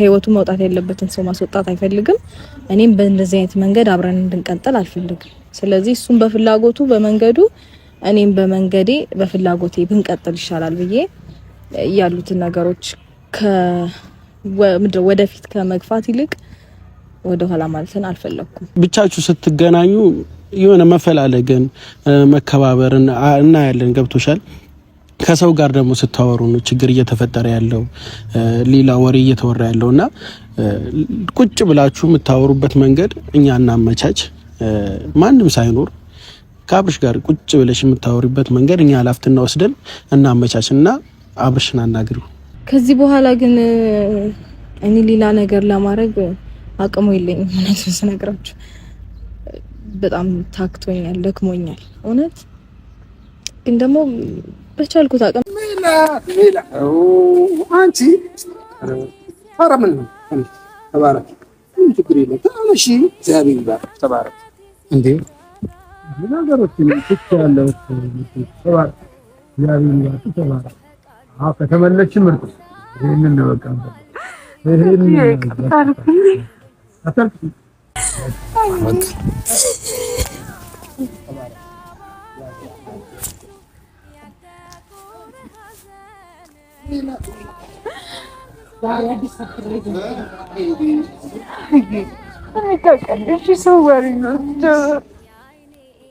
ከህይወቱ መውጣት ያለበትን ሰው ማስወጣት አይፈልግም። እኔም በእንደዚህ አይነት መንገድ አብረን እንድንቀጥል አልፈልግም። ስለዚህ እሱም በፍላጎቱ በመንገዱ፣ እኔም በመንገዴ በፍላጎቴ ብንቀጥል ይሻላል ብዬ ያሉትን ነገሮች ወደፊት ከመግፋት ይልቅ ወደኋላ ማለትን አልፈለግኩም። ብቻችሁ ስትገናኙ የሆነ መፈላለግን መከባበርን እናያለን። ገብቶሻል ከሰው ጋር ደግሞ ስታወሩ ነው ችግር እየተፈጠረ ያለው ሌላ ወሬ እየተወራ ያለው እና ቁጭ ብላችሁ የምታወሩበት መንገድ እኛ እናመቻች። ማንም ሳይኖር ከአብርሽ ጋር ቁጭ ብለሽ የምታወሪበት መንገድ እኛ ላፍትና ወስደን እናመቻች እና አብርሽን አናግሪው። ከዚህ በኋላ ግን እኔ ሌላ ነገር ለማድረግ አቅሙ የለኝም። እውነቱን ስነግራችሁ በጣም ታክቶኛል፣ ደክሞኛል እውነት ግን ደግሞ በቻልኩት አቅም አንቺ ኧረ ምን ነው ተባረክ፣ ምን ችግር የለም ተነሺ። እግዚአብሔር ይባርክ፣ ተባረክ። እንዴ ነገሮችን ተባረክ፣ ተባረክ። ታውቃለች። ሰው ወሬ ነው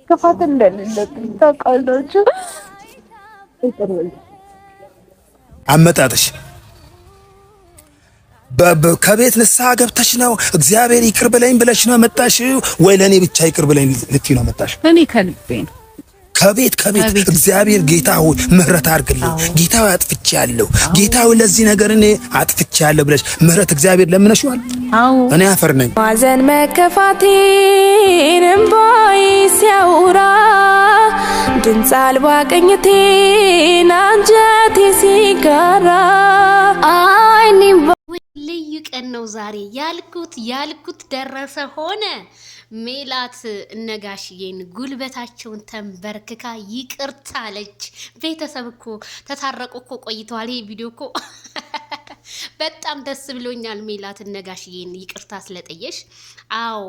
ክፋት እንደሌለብኝ ታውቃላችሁ። አመጣጥሽ ከቤት ንስሐ ገብተሽ ነው እግዚአብሔር ይቅር ብለኝ ብለሽ ነው መጣሽ ወይ ለእኔ ብቻ ይቅር ብለኝ ልትይ ነው መጣሽ? እኔ ከልቤ ነው ከቤት ከቤት እግዚአብሔር ጌታ ሆይ ምህረት አድርግልኝ፣ ጌታ ሆይ አጥፍቻለሁ፣ ጌታ ሆይ ለዚህ ነገር እኔ አጥፍቻለሁ ብለሽ ምህረት እግዚአብሔር ለምነሽዋል። እኔ አፈር ነኝ። ማዘን መከፋቴንም እምባዬ ሲያውራ ድምፅ አልባ ቅኝቴን አንጀቴ ሲጋራ ልዩ ቀን ነው ዛሬ ያልኩት ያልኩት ደረሰ ሆነ። ሜላት እነጋሽዬን ጉልበታቸውን ተንበርክካ ይቅርታ አለች። ቤተሰብ እኮ ተታረቁ እኮ ቆይተዋል። ይሄ ቪዲዮ እኮ በጣም ደስ ብሎኛል። ሜላት እነጋሽዬን ይቅርታ ስለጠየሽ። አዎ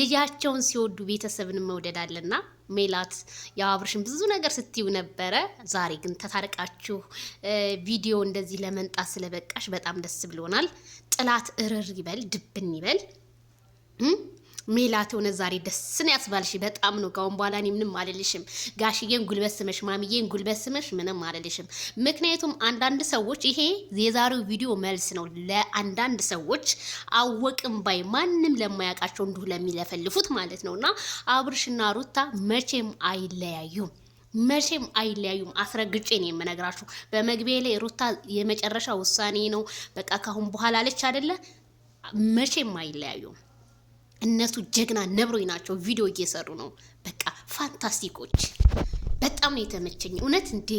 ልጃቸውን ሲወዱ ቤተሰብን መውደድ አለና ሜላት ያው አብርሽን ብዙ ነገር ስትዩ ነበረ። ዛሬ ግን ተታርቃችሁ ቪዲዮ እንደዚህ ለመንጣት ስለበቃሽ በጣም ደስ ብሎናል። ጥላት እርር ይበል፣ ድብን ይበል። ሜላት የሆነ ዛሬ ደስ ነው ያስባልሽ። በጣም ነው። ካሁን በኋላ እኔ ምንም አልልሽም። ጋሽዬን ጉልበት ስመሽ፣ ማሚዬን ጉልበት ስመሽ ምንም አልልሽም። ምክንያቱም አንዳንድ ሰዎች ይሄ የዛሬው ቪዲዮ መልስ ነው ለአንዳንድ ሰዎች አወቅም ባይ ማንም ለማያውቃቸው እንዲሁ ለሚለፈልፉት ማለት ነው እና አብርሽና ሩታ መቼም አይለያዩም መቼም አይለያዩም። አስረግጬ ነው የምነግራችሁ። በመግቢያ ላይ ሩታ የመጨረሻ ውሳኔ ነው በቃ ካሁን በኋላ አለች አደለ? መቼም አይለያዩም። እነሱ ጀግና ነብሮች ናቸው። ቪዲዮ እየሰሩ ነው። በቃ ፋንታስቲኮች በጣም ነው የተመቸኝ። እውነት እንዴ!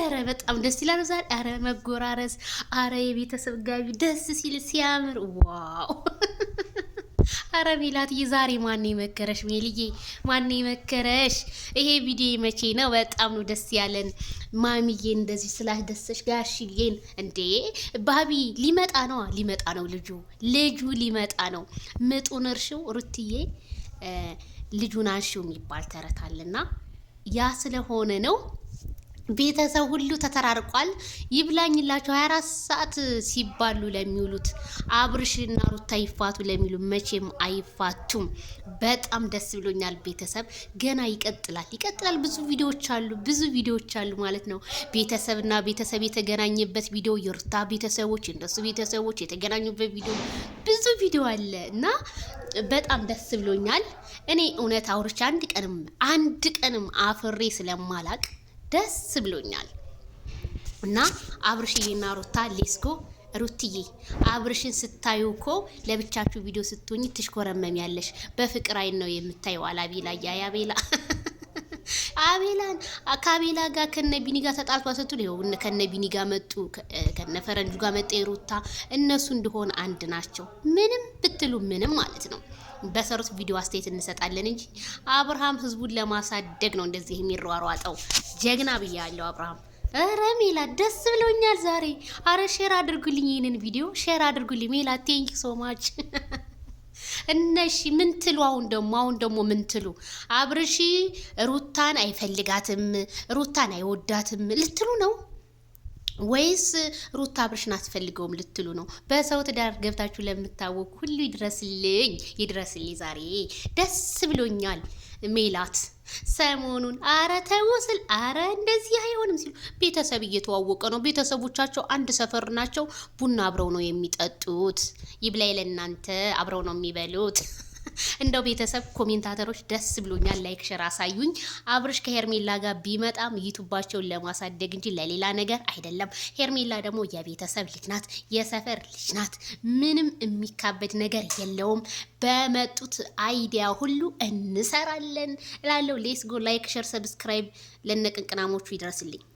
ኧረ በጣም ደስ ይላል። ዛሬ ኧረ መጎራረስ፣ አረ የቤተሰብ ጋቢ ደስ ሲል ሲያምር፣ ዋው! አረ ሜላትዬ ዛሬ ማን መከረሽ? ሜልዬ ማን መከረሽ? ይሄ ቪዲዮ መቼ ነው? በጣም ነው ደስ ያለን። ማሚዬን እንደዚህ ስላስደሰች ጋሽዬን እንዴ ባቢ ሊመጣ ነው ሊመጣ ነው ልጁ ልጁ ሊመጣ ነው ምጡን እርሽው ሩትዬ ልጁን አንሺው የሚባል ተረት አለና ያ ስለሆነ ነው ቤተሰብ ሁሉ ተተራርቋል። ይብላኝላቸው 24 ሰዓት ሲባሉ ለሚውሉት አብርሽና ሩታ ይፋቱ ለሚሉ መቼም አይፋቱም። በጣም ደስ ብሎኛል። ቤተሰብ ገና ይቀጥላል፣ ይቀጥላል። ብዙ ቪዲዮዎች አሉ፣ ብዙ ቪዲዮዎች አሉ ማለት ነው። ቤተሰብና ቤተሰብ የተገናኘበት ቪዲዮ፣ የሩታ ቤተሰቦች እንደሱ ቤተሰቦች የተገናኙበት ቪዲዮ፣ ብዙ ቪዲዮ አለ እና በጣም ደስ ብሎኛል። እኔ እውነት አውርቼ አንድ ቀንም አንድ ቀንም አፍሬ ስለማላቅ ደስ ብሎኛል። እና አብርሽዬና ሩታ ሌስኮ ሩትዬ አብርሽን ስታዩ እኮ ለብቻችሁ ቪዲዮ ስትሆኝ ትሽኮረመም ያለሽ በፍቅር አይን ነው የምታየው። አላቤላ ያ ያቤላ አቤላን ከአቤላ ጋር ከነ ቢኒ ጋር ተጣልቷ ስትል ይኸው ከነ ቢኒ ጋር መጡ፣ ከነ ፈረንጁ ጋር መጣ ሩታ። እነሱ እንደሆነ አንድ ናቸው፣ ምንም ብትሉ ምንም ማለት ነው። በሰሩት ቪዲዮ አስተያየት እንሰጣለን እንጂ አብርሃም ህዝቡን ለማሳደግ ነው እንደዚህ የሚሯሯጠው። ጀግና ብያለሁ አብርሃም። ኧረ ሜላ ደስ ብሎኛል ዛሬ። አረ ሼር አድርጉልኝ፣ ይህንን ቪዲዮ ሼር አድርጉልኝ። ሜላ። ቴንክ ሶ ማች እነሺ ምን ትሉ? አሁን ደግሞ አሁን ደግሞ ምን ትሉ? አብርሺ ሩታን አይፈልጋትም፣ ሩታን አይወዳትም ልትሉ ነው? ወይስ ሩታ አብርሽን አስፈልገውም ልትሉ ነው? በሰው ትዳር ገብታችሁ ለምታወቅ ሁሉ ይድረስልኝ ይድረስልኝ። ዛሬ ደስ ብሎኛል። ሜላት ሰሞኑን አረ ተወስል አረ እንደዚህ አይሆንም ሲሉ ቤተሰብ እየተዋወቀ ነው። ቤተሰቦቻቸው አንድ ሰፈር ናቸው። ቡና አብረው ነው የሚጠጡት። ይብላኝ ለእናንተ አብረው ነው የሚበሉት። እንደው ቤተሰብ ኮሜንታተሮች ደስ ብሎኛል። ላይክ ሸር አሳዩኝ። አብርሽ ከሄርሜላ ጋር ቢመጣም ዩቱባቸውን ለማሳደግ እንጂ ለሌላ ነገር አይደለም። ሄርሜላ ደግሞ የቤተሰብ ልጅ ናት፣ የሰፈር ልጅ ናት። ምንም የሚካበድ ነገር የለውም። በመጡት አይዲያ ሁሉ እንሰራለን እላለሁ። ሌስ ጎ ላይክ ሸር ሰብስክራይብ ለነቅንቅናሞቹ ይደርስልኝ።